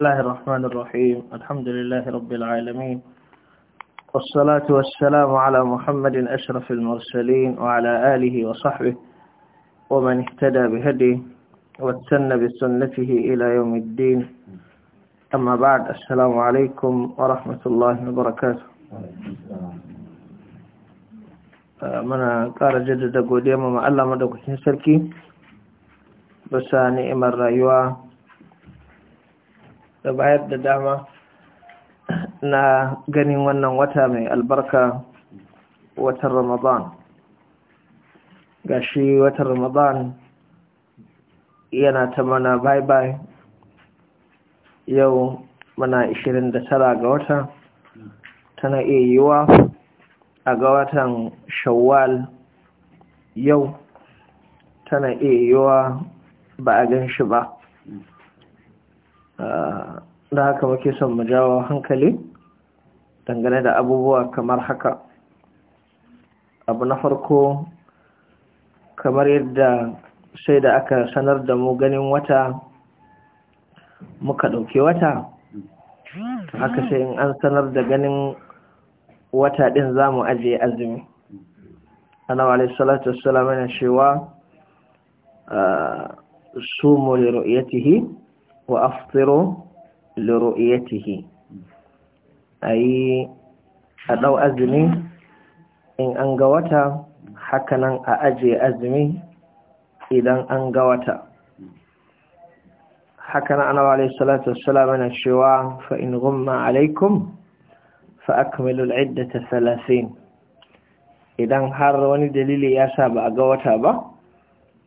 الله الرحمن الرحيم الحمد لله رب العالمين والصلاة والسلام على محمد أشرف المرسلين وعلى آله وصحبه ومن اهتدى بهديه واتسن بسنته إلى يوم الدين أما بعد السلام عليكم ورحمة الله وبركاته mana ƙara jaddada godiya ma Allah madaukakin sarki bisa ni'imar da bayar da dama na ganin wannan wata mai albarka watan ramadan gashi watan ramadan yana ta mana bye-bye yau mana 29 ga wata tana iya yiwa a ga watan shawwal yau tana iya yiwa ba a gan shi ba da haka muke son mu jawo hankali dangane da abubuwa kamar haka abu na farko kamar yadda sai da aka sanar da mu ganin wata muka ɗauki wata haka sai in an sanar da ganin wata ɗin za mu ajiye azumi annabi alayhi salatu wassalam yana cewa ah, su mu li ru'yatihi wa aftiru liru'yatihi ayi a dau azumi in an ga wata hakanan a aje azumi idan an ga wata hakanan annabi alayhi salatu wassalam yana cewa fa in ghumma alaikum fa akmilu al'iddata 30 idan har wani dalili ya sa ba a ga wata ba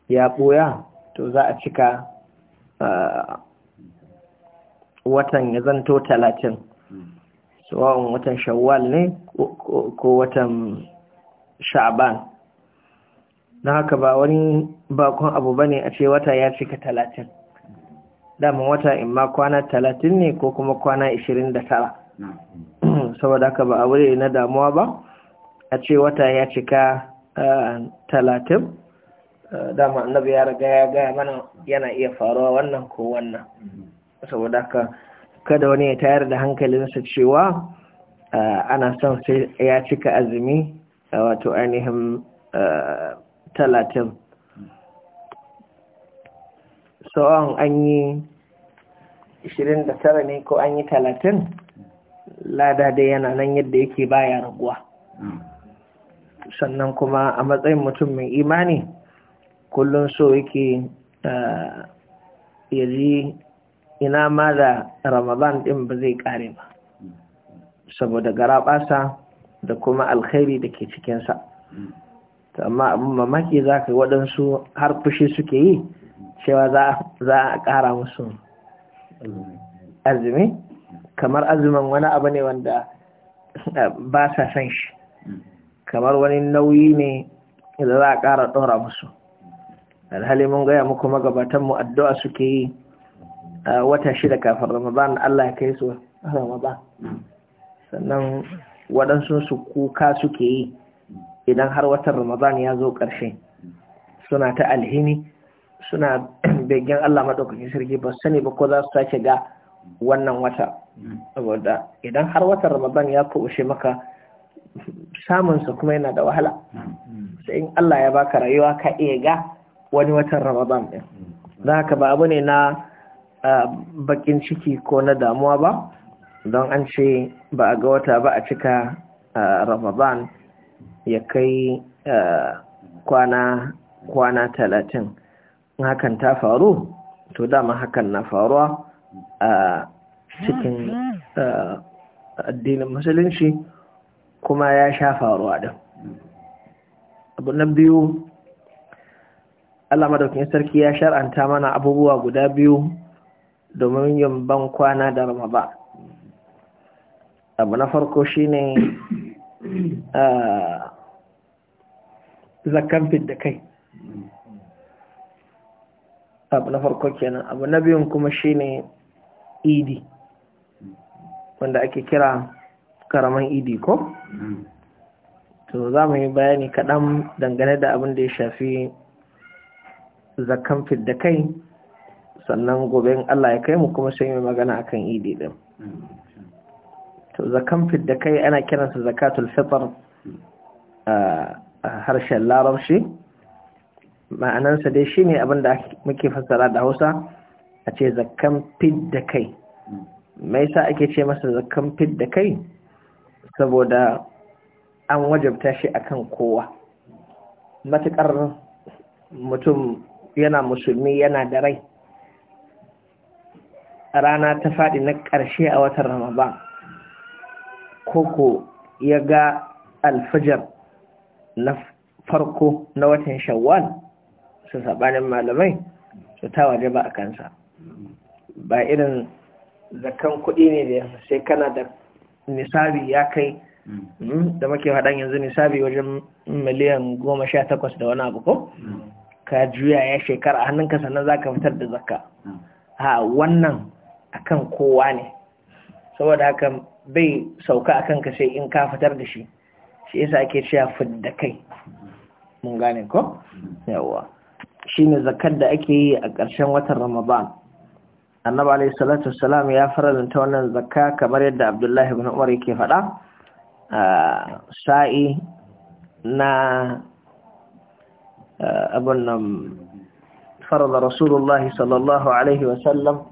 ya ɓoya to za a cika watan ya zanto talatin tsawon watan shawwal ne ko watan Sha'aban. don haka ba wani bakon abu ba ne a ce wata ya cika talatin daman wata in ma kwana talatin ne ko kuma kwana ishirin da tara saboda haka ba abu na damuwa ba a ce wata ya cika eh, talatin eh, dama annabi ya riga ya gaya mana yana iya faruwa wannan ko wannan mm-hmm. saboda haka kada wani ya tayar da hankalinsa cewa ana son sai ya cika azumi wato ainihin talatin tsawon an yi 29 ne ko an yi 30 lada dai yana nan yadda yake baya raguwa sannan kuma a matsayin mutum mai imani kullum so yake ya ji ina ma da ramadan ɗin ba zai ƙare ba saboda garaɓasa da kuma alkhairi da ke cikinsa amma abin mamaki za ka yi waɗansu har fushi suke yi cewa za a ƙara musu azumi kamar azumin wani abu ne wanda eh, ba sa san shi kamar wani nauyi ne da za a ƙara ɗora musu alhali mun gaya muku magabatanmu addu'a suke yi Ah, wata shida kafin ramadan Allah ya kai su ramadan sannan waɗansu su kuka suke yi idan har watan ramadan ya zo ƙarshe suna ta alhini suna begen Allah maɗaukakin sarki ba sani ba ko za su sake ga wannan wata saboda idan har watan ramadan ya kubushe maka samunsa kuma yana da wahala sai in Allah ya baka rayuwa ka iya ga wani watan ramadan ɗin za ka ba abu ne na bakin ciki ko na damuwa ba don an ce ba a ga wata ba a cika ramadan ya kai kwana kwana talatin in hakan ta faru to dama hakan na faruwa a cikin addinin musulunci kuma ya sha faruwa da. abu na biyu Allah madaukin sarki ya shar'anta mana abubuwa guda biyu domin yin ban kwana da ramadan abu na farko shi ne zakan da kai abu na farko kenan abu na biyun kuma shi ne idi wanda ake kira karaman idi ko to za mu yi bayani kaɗan dangane da abin da ya shafi zakan da kai sannan gobe Allah ya kai mu kuma sai mai magana akan idi din to zakan fit da kai ana kiransa zakatul fitr a harshen larabci ma'anansa dai shine abin da muke fassara da Hausa a ce zakan fit da kai mai sa ake ce masa zakan fit da kai saboda an wajabta shi akan kowa matukar mutum yana musulmi yana da rai rana ta faɗi na ƙarshe a watan ramadan koko ya ga alfajar na farko na watan shawwal su saɓanin malamai su ta waje ba a kansa ba irin zakan kuɗi ne da sai kana da nisabi ya kai hmm, da muke faɗan yanzu nisabi wajen miliyan goma sha takwas da wani abu ko hmm. ka juya ya shekara a hannunka sannan za ka fitar da zakka ha wannan akan kowa ne saboda haka bai sauka akan ka sai in ka fitar da shi shi yasa ake cewa fidda kai mun gane ko yawa shine zakar da ake yi a ƙarshen watan Ramadan annabi alayhi salatu wassalam ya faranta wannan zakka kamar yadda Abdullahi ibn Umar yake faɗa sa'i na abun nan farada Rasulullahi sallallahu alaihi wasallam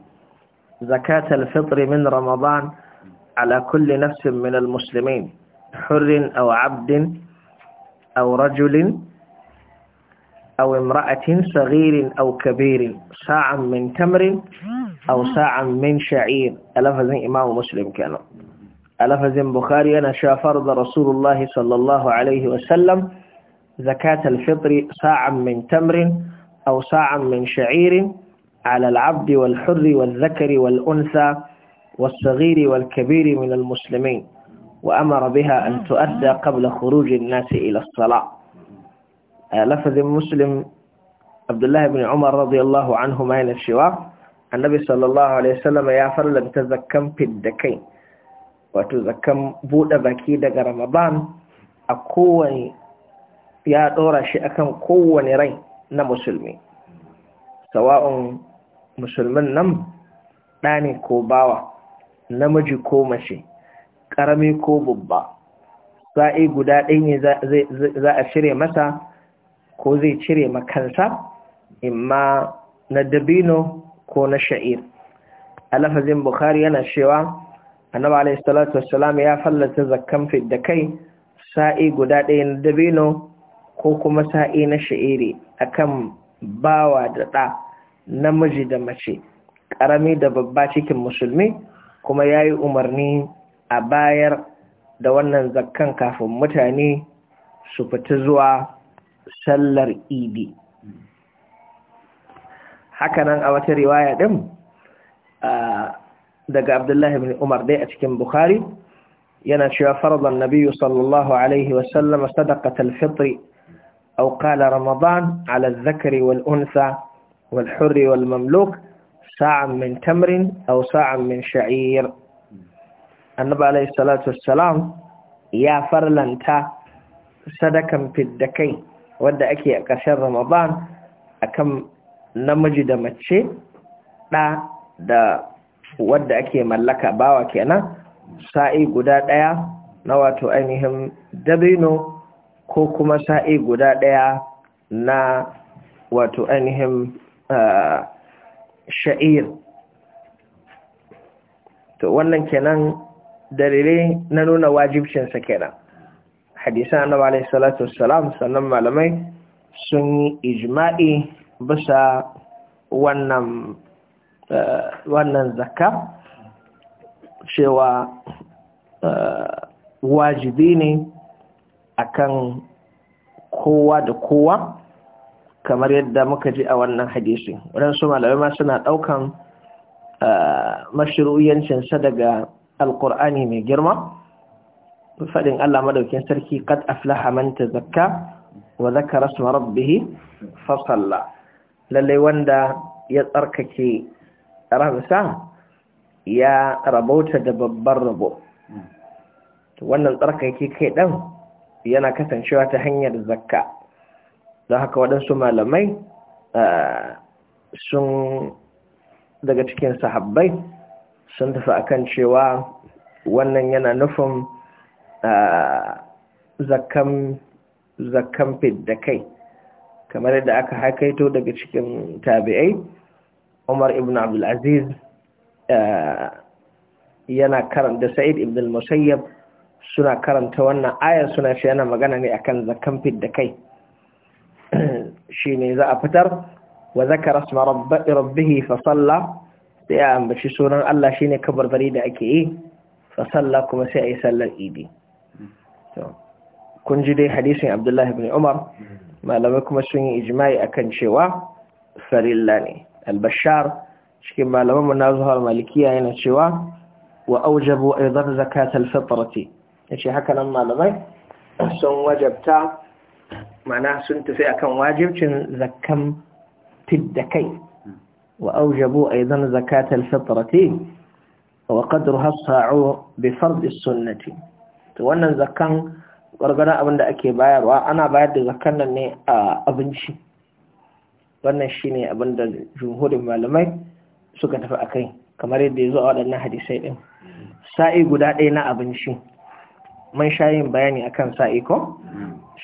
زكاة الفطر من رمضان على كل نفس من المسلمين حر أو عبد أو رجل أو امرأة صغير أو كبير ساعة من تمر أو ساعة من شعير ألفز إمام مسلم ألف ألفز بخاري أنا شافرض رسول الله صلى الله عليه وسلم زكاة الفطر ساعة من تمر أو ساعة من شعير على العبد والحر والذكر والأنثى والصغير والكبير من المسلمين وأمر بها أن تؤدى قبل خروج الناس إلى الصلاة لفظ مسلم عبد الله بن عمر رضي الله عنهما ينشوا annabi sallallahu alaihi wasallam ya farlanta zakkan fiddakai wato zakan bude baki daga ramadan ya dora shi akan kowane rai na musulmi sawa'un musulmin nan ɗa ne ko bawa namiji ko mace ƙarami ko babba sa'i guda ɗin ne za a cire masa ko zai cire makansa imma na dabino ko na sha'ir a lafazin bukhari yana cewa annaba alaihi salatu ya fallata zakkan da kai sa'i guda ɗaya na dabino ko kuma sa'i na sha'iri akan bawa da ɗa namiji da mace ƙarami da babba cikin musulmi kuma ya yi umarni a bayar da wannan zakkan kafin mutane su fita zuwa sallar idi hakanan a wata riwaya ɗin daga abdullahi bin umar dai a cikin bukhari yana cewa farzan nabiyu sallallahu alaihi wasallama sadaqatal fitri aw qala ramadan ala adh-dhakari wal unsa والحر والمملوك ساعا من تمر أو ساعا من شعير النبي عليه الصلاة والسلام يا فرلنتا صدقا في الدكي wadda ake a ƙarshen ramadan akan namiji da mace ɗa da wadda ake mallaka bawa kenan sa'i guda ɗaya na wato ainihin dabino ko kuma sa'i guda ɗaya na wato ainihin sha'ir to wannan kenan dalilai na nuna wajibcinsa kenan hadisan annabi alaihi salatu wassalam sannan malamai sun yi ijma'i bisa wannan wannan zakka cewa wajibi ne akan kowa da kowa kamar yadda muka ji a wannan hadisi waɗansu malamai ma suna ɗaukan ah, mashiruyancinsa daga alkur'ani mai girma faɗin Allah madaukin sarki qad aflaha man tazakka wa zakara isma rabbih fa salla lalle wanda ya tsarkake ransa ya rabauta da babbar rabo wannan tsarkake kai ɗan yana kasancewa ta hanyar zakka Da haka waɗansu malamai sun daga cikin sahabbai sun tafi akan cewa wannan yana nufin zakkan fidda kai kamar yadda aka haikaito daga cikin tabi'ai umar ibn abdulaziz yana karanta sa'id ibn al-musayyab suna karanta wannan ayar suna ce yana magana ne akan zakkan da kai shi za'a za a fitar wa zakara rabbihi fasalla sai a ambaci sunan Allah shi ne kabarbari da ake yi fasalla kuma sai a yi sallar idi kun ji dai hadisin abdullahi Ibn umar malamai kuma sun yi ijimai akan cewa farilla ne albashar cikin mu na zuhar malikiya yana cewa wa aujabu aizar zakat alfitrati yace haka nan malamai sun wajabta mana sun tafi akan wajibcin zakkan da kai wa aujabu aidan zakatal fitrati wa qadruha sa'u bi fard sunnati to wannan zakkan gargara abinda ake bayarwa ana bayar da zakkan nan ne a abinci wannan shine abin da jumhurin malamai suka tafi akai kamar yadda ya zo a waɗannan hadisai ɗin sa'i guda ɗaya na abinci mun shayin yin bayani akan sa'i ko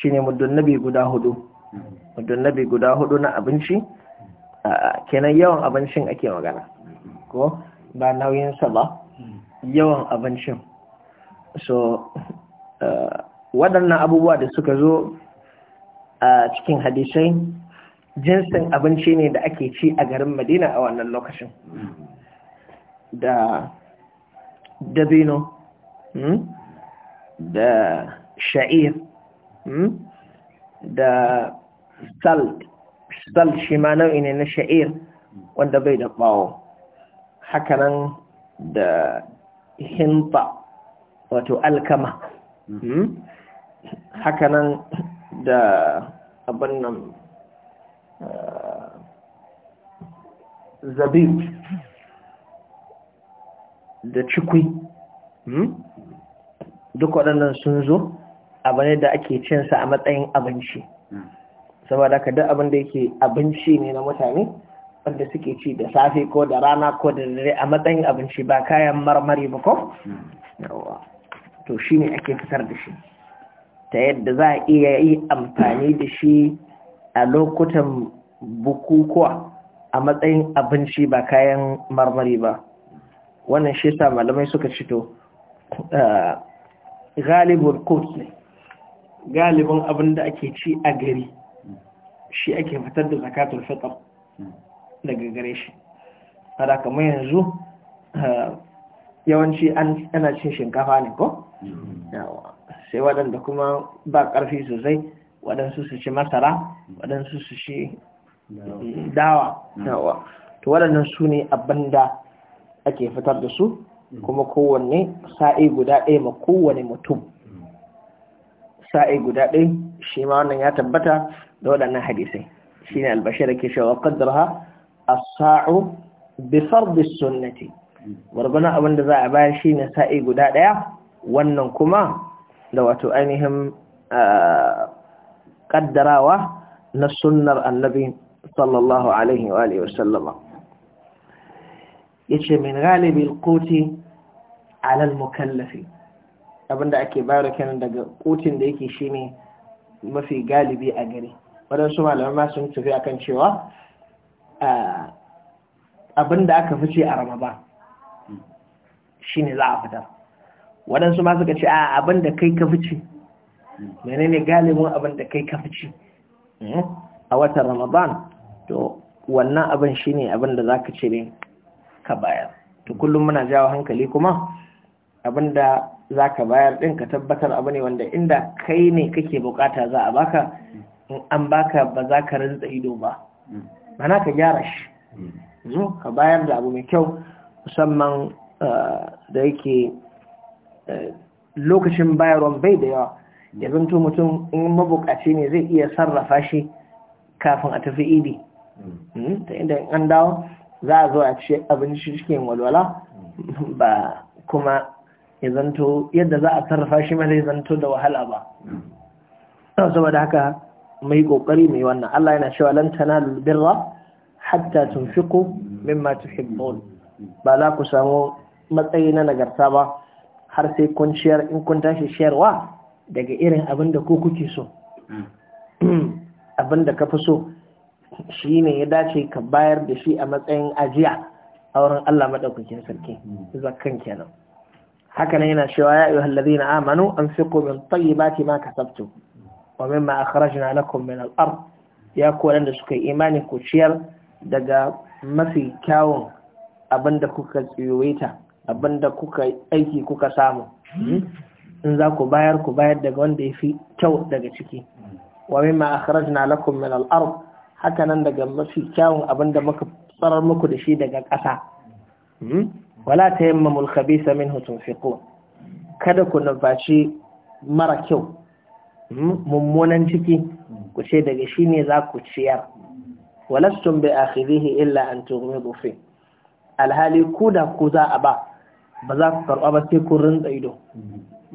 shine muddun nabi guda hudu muddun nabi guda hudu na abinci kenan yawan abincin ake magana ko ba nauyin sa ba yawan abincin so waɗannan abubuwa da suka zo a cikin hadisai jinsin abinci ne da ake ci a garin madina a wannan lokacin da dabino hmm? da sha'ir Hmm? da salt salt shi ma nau'i ne na sha'ir wanda bai da ɓawo hakanan da hinta wato alkama hmm? hakanan da abin nan eh, zabib da cikwi hmm? duk waɗannan sun zo abu da ake cinsa a matsayin abinci hmm. saboda ka duk abin da yake abinci ne na mutane wanda suke ci da safe ko da rana ko da dare a matsayin abinci ba kayan marmari ba ko hmm. to shi ne ake fitar da shi ta yadda za a iya yi amfani da shi a lokutan bukukuwa a matsayin abinci ba kayan marmari ba wannan shi sa malamai suka to, eh, galibin kot ne galibin abin da ake ci a gari shi ake fitar da zakatul fitr daga gare shi hada kamar yanzu eh, yawanci ana cin shinkafa ne ko sai waɗanda kuma ba ƙarfi sosai waɗansu su ci masara waɗansu su ci dawa to waɗannan su ne abin da ake fitar da su kuma kowanne sa'i guda ɗaya ma kowane mutum sa'i guda ɗaya, shi ma wannan ya tabbata da waɗannan hadisai shi ne albashir ke shawa ƙaddarha a sa'u bisar sunnati wargwana abin da za a bayar shi ne sa'i guda ɗaya wannan kuma da wato ainihin ƙaddarawa na sunnar annabi sallallahu alaihi wa alihi wasallama ya ce min galibi alkoti alal mukallafi abinda ake bayar kenan daga kotin da yake shine mafi galibi a gari waɗansu malamai ma sun tafi akan cewa abinda aka fice a ramadan shine za a fitar waɗansu ma suka ce a abinda kai ka fice menene galibin abinda kai ka fice hmm? a watan ramadan to wannan abin shine abinda za ka cire ka bayar to kullum muna jawo hankali kuma abinda za ka bayar ɗin ka tabbatar abu ne wanda inda kai ne kake bukata za a baka in an baka ba za ka rinsa ido ba mana ka gyara shi zo ka bayar da abu mai kyau musamman eh, da yake eh, lokacin bayarwan bai da yawa ya zanto mutum in mabukaci ne zai iya sarrafa shi kafin a tafi idi hmm, ta inda an dawo za a zo a ci abinci cikin walwala ba kuma ya zanto yadda za a sarrafa shi mai zanto da wahala ba saboda haka mai kokari mai wannan Allah yana cewa lan tanalu birra hatta tunfiqu mimma tuhibbun ba za ku samu matsayi na nagarta ba har sai kun ciyar in kun tashi shiyarwa daga irin abin da ku kuke so abin da ka fi so shi ne ya dace ka bayar da shi a matsayin ajiya a wurin Allah maɗaukakin sarki zakan kenan haka nan yana cewa ya ayyuhal ladina amanu anfiqu min tayyibati ma kasabtum wa mimma akhrajna lakum min al-ard ya ku wanda suka yi imani ku ciyar daga mafi kyawun abinda kuka tsiyoyita abinda kuka aiki kuka samu hmm? in za ku bayar ku bayar daga wanda ya fi kyau daga ciki wa mimma akhrajna lakum min al-ard haka nan daga mafi kyawun abinda muka tsarar muku da shi daga ƙasa hmm? wala ta yamma mulkhabisa min hutun fiƙo kada ku nufaci mara kyau hmm, mummunan ciki ku ce daga shi ne za ku ciyar walastun bai akhirihi illa an tumi bufe alhali ku da ku za a ba ba za ku karɓa ba sai ku ido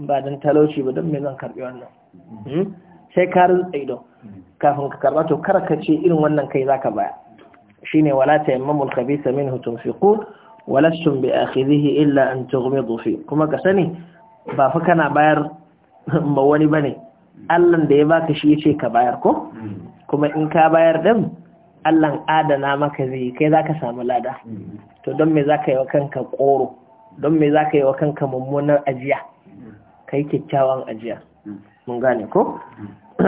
ba don talauci ba don me zan karɓi wannan hmm, sai ka rinsa ido kafin ka karɓa to kar ka ce irin wannan kai za ka baya shine wala ta yamma mulkhabisa min hutun fiƙo walastum bi akhidhihi illa an tughmidu fi kuma ka sani ba fa kana bayar ba wani bane Allah da ya baka shi yace ka bayar ko mm. kuma in ka bayar din Allah adana maka zai kai zaka samu lada mm. to don me zaka yi wa kanka koro don me zaka yi wa kanka mummunar ajiya mm. kai kyakkyawan ajiya mun gane ko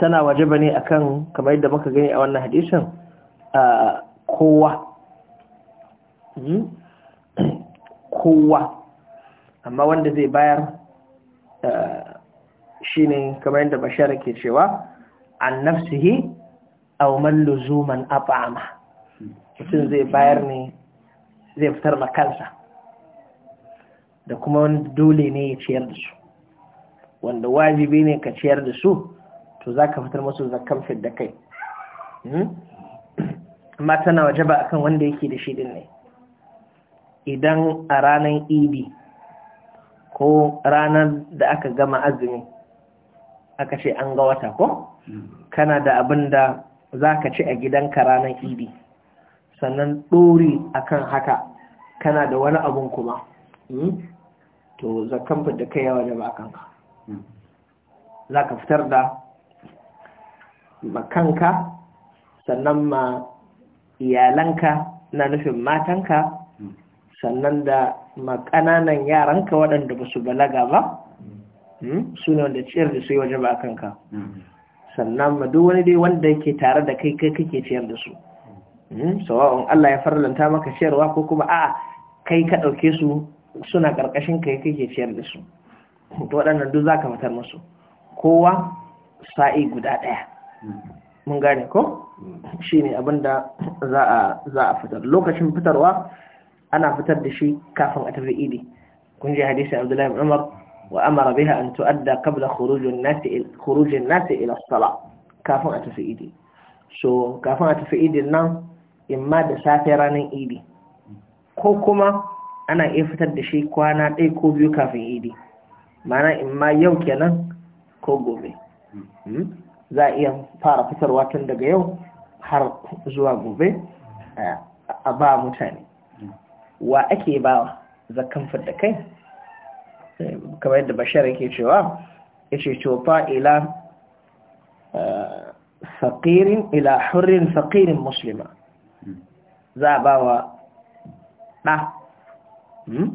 tana wajaba ne akan kamar yadda muka gani a wannan hadisin kowa Hmm? kowa amma wanda zai bayar eh, shi ne kamar yadda bashara ke cewa an nafsihi a luzuman abama mutum zai bayar ne zai fitar kansa. da kuma wanda dole ne ya ciyar da su wanda wajibi ne ka ciyar da su to za ka fitar masu zakan da kai hmm? amma tana wajaba akan wanda yake da shi din ne idan a ranar idi ko ranar da aka gama azumi aka ce an ga wata ko hmm. kana da abin da za ka ci a gidanka ranar idi sannan ɗori akan haka kana da wani abun kuma hmm? to za kamfa da kai yawa da kanka hmm. za ka fitar da makanka sannan ma iyalanka na nufin matanka sannan da makananan yaranka waɗanda ba su balaga ba hmm, su ne wanda ciyar da su yi waje ba a kanka sannan ma wani dai wanda yake tare da kai kai kake ciyar da su hmm, sawa'un Allah ya farlanta maka ciyarwa ko kuma a kai ka ɗauke su suna ƙarƙashin kai kake ciyar da su to waɗannan duk za ka fitar musu kowa sa'i guda ɗaya mun gane ko hmm. shi ne abinda za a fitar lokacin fitarwa ana fitar da shi kafin a tafi idi kun ji hadisi abdullahi umar wa amara biha an tu'adda qabla khurujin nasi khurujin nasi ila sala kafin a tafi idi so kafin a tafi idin nan imma da safe ranar idi ko kuma ana iya fitar da shi kwana ɗaya ko biyu kafin idi mana imma yau kenan ko gobe za a iya fara fitarwa tun daga yau har zuwa gobe a ba mutane wa ake bawa zakan fadda kai kamar yadda bashar yake cewa ya ce cofa ila faƙirin eh, ila hurrin faƙirin musulma za a ba wa ɗa hmm,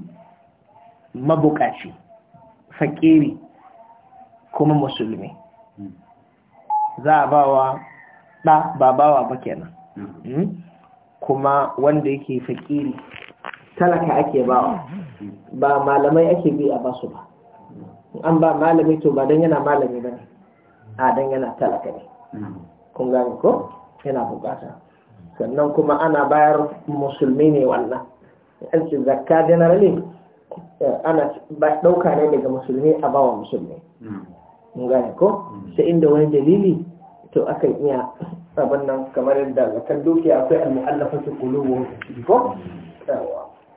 mabukaci faƙiri kuma musulmi za a ba wa ɗa ba ba wa ba kenan hmm, kuma wanda yake faƙiri talaka ake ba ba malamai ake bi a basu ba an ba malami to ba don yana malami ba ne a don yana talaka ne kun gani ko yana bukata sannan kuma ana bayar musulmi ne wannan an zakka generally eh, ana ba dauka ne daga musulmi a bawa musulmi kun gani ko sai inda wani dalili to aka iya abin nan kamar yadda zakar dukiya akwai al-mu'allafatu qulubuhum ko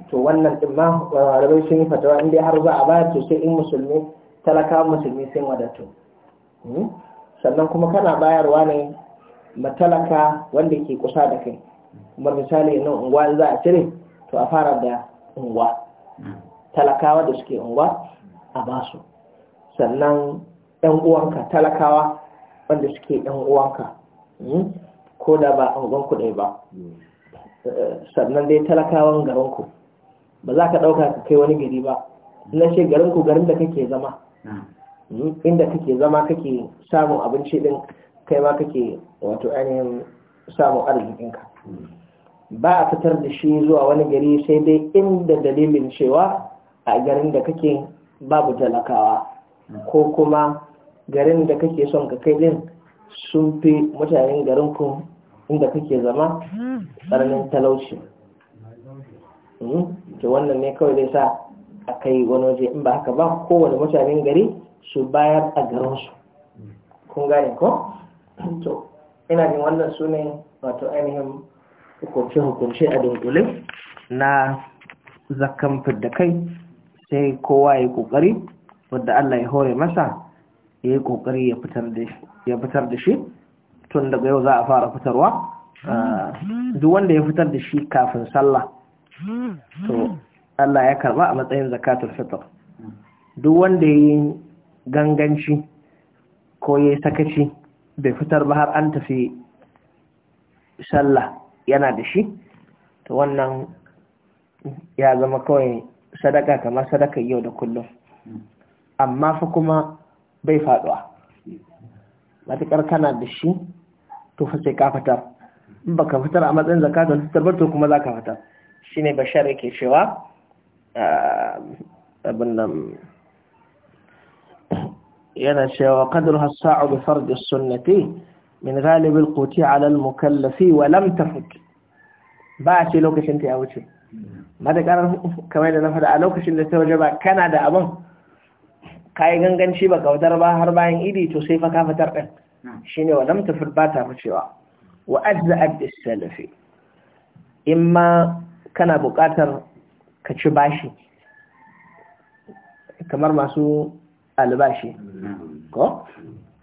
to wannan din ma eh, malamai sun yi fatawa in dai har za a bayar to sai in musulmi talaka musulmi sun wadatu hmm? sannan kuma kana bayarwa ne matalaka wanda ke kusa da kai kuma misali nan unguwa za a cire to a fara da unguwa talakawa da suke unguwa a basu sannan yan uwanka talakawa wanda suke yan uwanka hmm? ko da ba unguwanku ɗaya ba hmm. eh, sannan dai talakawan garinku ba za ka ɗauka ka kai wani gari ba na ce garin ku garin da kake zama hmm? inda kake zama kake samun abinci din kai ma kake wato ainihin samun arzikinka hmm. ba a fitar da shi zuwa wani gari sai dai inda dalilin cewa a garin da kake babu talakawa hmm. ko kuma garin da kake son ka kai din sun fi mutanen garinku inda kake zama tsananin talauci Hmm? to wannan ne kawai zai sa a kai wani waje in ba haka ba kowane mutanen gari su bayar a garinsu kun gane ko to ina jin wannan su ne wato ainihin hukunce-hukunce a dunkule na zakan fidda kai sai kowa ya yi kokari wadda Allah ya hore masa ya yi kokari ya fitar da shi tun daga yau za a fara fitarwa ah, duk wanda ya fitar da shi kafin sallah to Allah ya karba a matsayin zakatul fitr duk wanda yayi ganganci ko yayi sakaci bai fitar ba har an tafi sallah yana da shi to wannan ya zama kawai sadaka kamar sadaka yau da kullum amma fa kuma bai faduwa Matuƙar kana da shi to fa sai ka fitar in baka fitar a matsayin zakatul fitr ba to kuma zaka fitar ne bashar yake cewa ah, abin nan yana cewa qadru as-sa'u bi fard as-sunnati min ghalib al-quti 'ala al-mukallafi wa lam tafut ba ce lokacin ta ya wuce madakar kamar da na faɗa a lokacin da ta waje ba kana da abin kayi ganganci ba kautar ba har bayan idi to sai fa ka fitar din shine wa lam tafut ba ta ficewa wa ajza'at as-salafi imma kana buƙatar ka ci bashi kamar masu albashi ko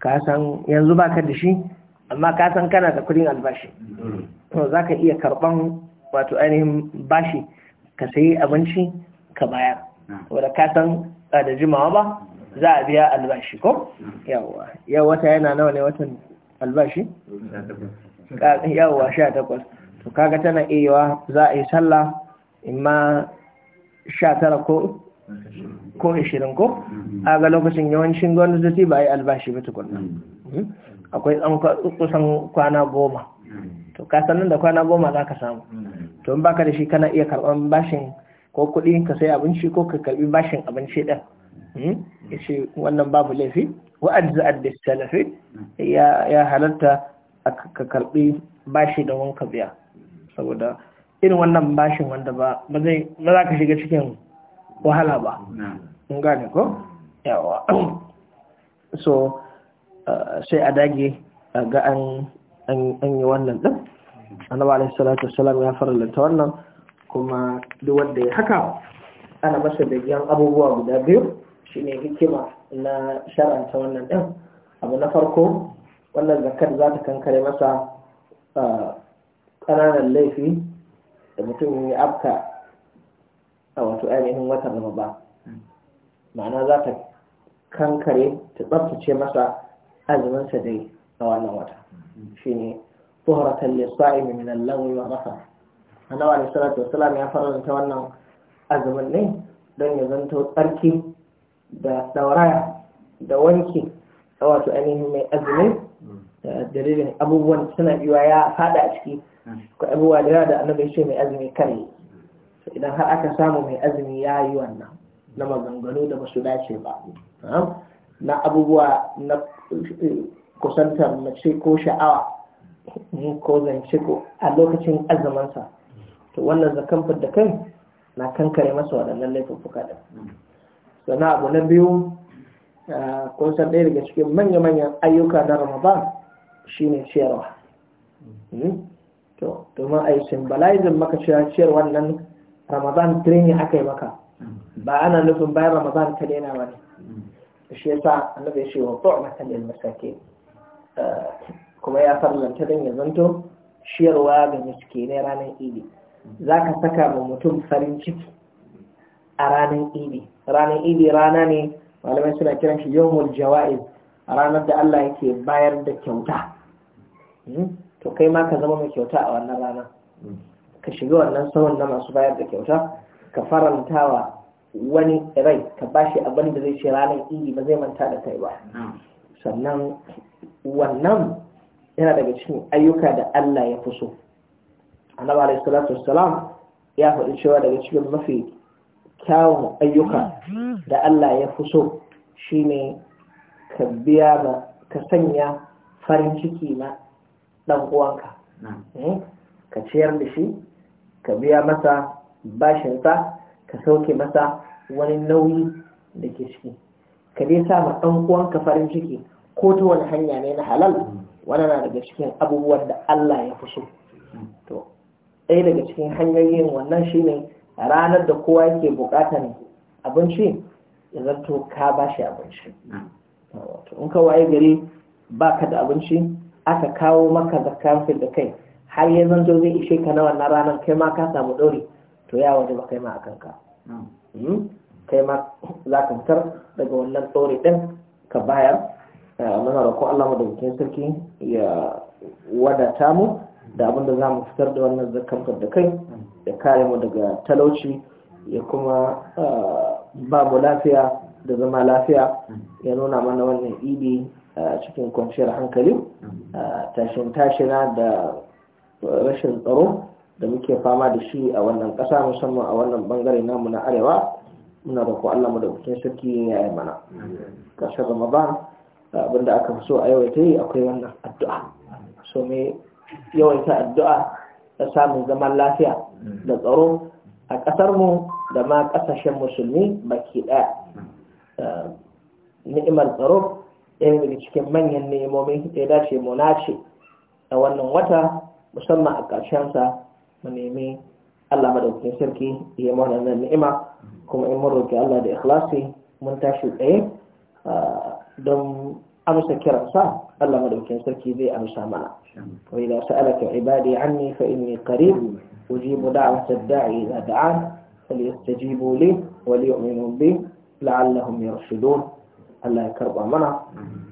ka san yanzu baka da shi amma ka san kana da kudin albashi to zaka iya karban wato ainihin bashi ka sayi abinci ka bayar wanda ka san da jimawa ba za a biya albashi ko yawa yau wata yana nawa ne watan albashi yawa sha takwas to kaga tana iya za a yi sallah imma tara ko ko ko mm-hmm. a ga lokacin yawancin gwamnati ba a yi albashi ba tukunna mm-hmm. akwai tsan kusan kwana goma mm-hmm. to ka sanin da kwana goma za ka samu to in baka da shi kana iya karɓar bashin ko kuɗi ka sai abinci ko ka karɓi bashin abinci ɗin hmm? ya wannan babu laifi wa'adda adda salafi ya halatta ka karɓi bashi da wanka biya saboda irin wannan bashin wanda ba ba za ka shiga cikin wahala ba mun gane ko yawa so uh, sai a dage ga an yi wannan din annabi alaihi salatu wassalam ya farallanta wannan kuma duk wanda ya haka ana masa giyan abubuwa guda biyu shine hikima na sharanta wannan din abu na farko wannan zakar za ta kankare masa uh, ƙananan laifi da mutum ya afka a wato ainihin watan ba, ma'ana za ta kankare ta tsabtace masa azuminsa dai a wannan wata shi tuhratan lis-sa'imi min al-lawi wa rafa annabi alayhi salatu wassalam ya faranta wannan azumin ne don ya zanto tsarki da dauraya da wanki a wato ainihin mai azumi dalilin abubuwan suna biwa ya fada a ciki hmm. ko abubuwa da da annabi ya ce mai azumi kare idan har aka samu mai azumi ya yi wannan na maganganu da basu dace ba na abubuwa na eh, kusantar mace ko sha'awa ko zance ko a lokacin azamansa to wannan zakan da kai na kankare masa waɗannan laifuffuka da hmm. na abu na biyu eh, kun san ɗaya daga cikin manya-manyan ayyuka na ramadan Shi ne ciyarwa hmm? to domin a yi symbolizing maka cewa ciyar wannan ramadan training aka yi maka ba ana nufin bayan ramadan ka daina ba ne shi yasa annabi ya wa ta'ama kan lil masake eh, kuma ya farlanta don ya zanto siyarwa ga ne ranar idi za ka saka ma mutum farin ciki a ranar idi ranar idi rana ne malamai suna kiran shi yawmul jawa'iz ranar da Allah yake bayar da kyauta Hmm? to kai ma ka zama mai kyauta a wannan rana hmm. ka shiga wannan sahun na masu bayar da kyauta ka faranta wa wani rai ka bashi abin da zai ce ranar idi ba zai manta da kai ba sannan wannan yana daga cikin ayyuka da Allah ya fi so annabi alaihi salatu wassalam ya faɗi cewa daga cikin mafi kyawun ayyuka da Allah ya fi so shine ka biya ka sanya farin ciki na ɗan uwanka eh, ka ciyar da shi ka biya masa bashinsa ka sauke masa wani nauyi da ke ciki ka dai sa ma ɗan uwanka farin ciki ko ta wani hanya ne na halal mm. wani na daga cikin abubuwan da Allah ya fi so mm. to ɗaya daga cikin hanyoyin wannan shine ranar da kowa yake buƙatar abinci ya zato ka ba shi abinci in ka waye gari ba ka da abinci aka kawo maka zakkan fil da kai har ya zanto zai ishe ka na wannan ranar kai ma ka samu ɗori to ya waje ba kai ma a kanka hmm. Hmm? kai ma za ka fitar daga wannan tsori ɗin ka bayar eh, muna roƙo Allah da bikin sarki ya wadata mu da abin da za mu fitar da wannan zakkan da kai ya kare mu daga talauci ya kuma eh, ba mu lafiya da zama lafiya ya nuna mana wannan idi cikin kwanciyar hankali tashin tashina da rashin tsaro da muke fama da shi a wannan ƙasa musamman a wannan bangare namu na arewa muna da ko da bukin sarki ya yi mana ƙarshen ramadan abinda aka fi so a yau ta yi akwai wannan addu'a so me yawaita addu'a da samun zaman lafiya da tsaro a mu da ma ƙasashen musulmi baki ɗaya ni'imar tsaro ɗaya daga cikin manyan nemomin da ya dace mu nace a wannan wata musamman a ƙarshensa mu nemi Allah madaukakin sarki ya mana nan ni'ima kuma in mun roki Allah da ikhlasi mun tashi tsaye don amsa kiransa Allah madaukakin sarki zai amsa mana wa idza sa'alaka ibadi anni fa inni qarib ujibu da'wata ad-da'i idza da'an falyastajibu li wa liyu'minu bi la'allahum yarshudun Allah ya karba mana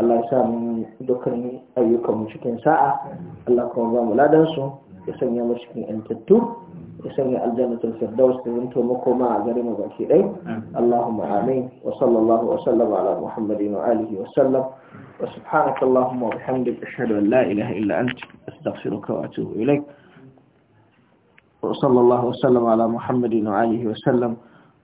Allah ya sa mu dukkan ayyukan mu cikin sa'a Allah kuma ba mu ladan su ya sanya mu cikin yantattu ya sanya aljannatul firdaus da zanto makoma a gare mu baki dai Allahumma amin wa sallallahu wa sallama ala muhammadin wa alihi wa sallam wa subhanaka allahumma wa bihamdika ashhadu an la ilaha illa anta astaghfiruka wa atubu ilaik وصلى ala muhammadin wa alihi wa وسلم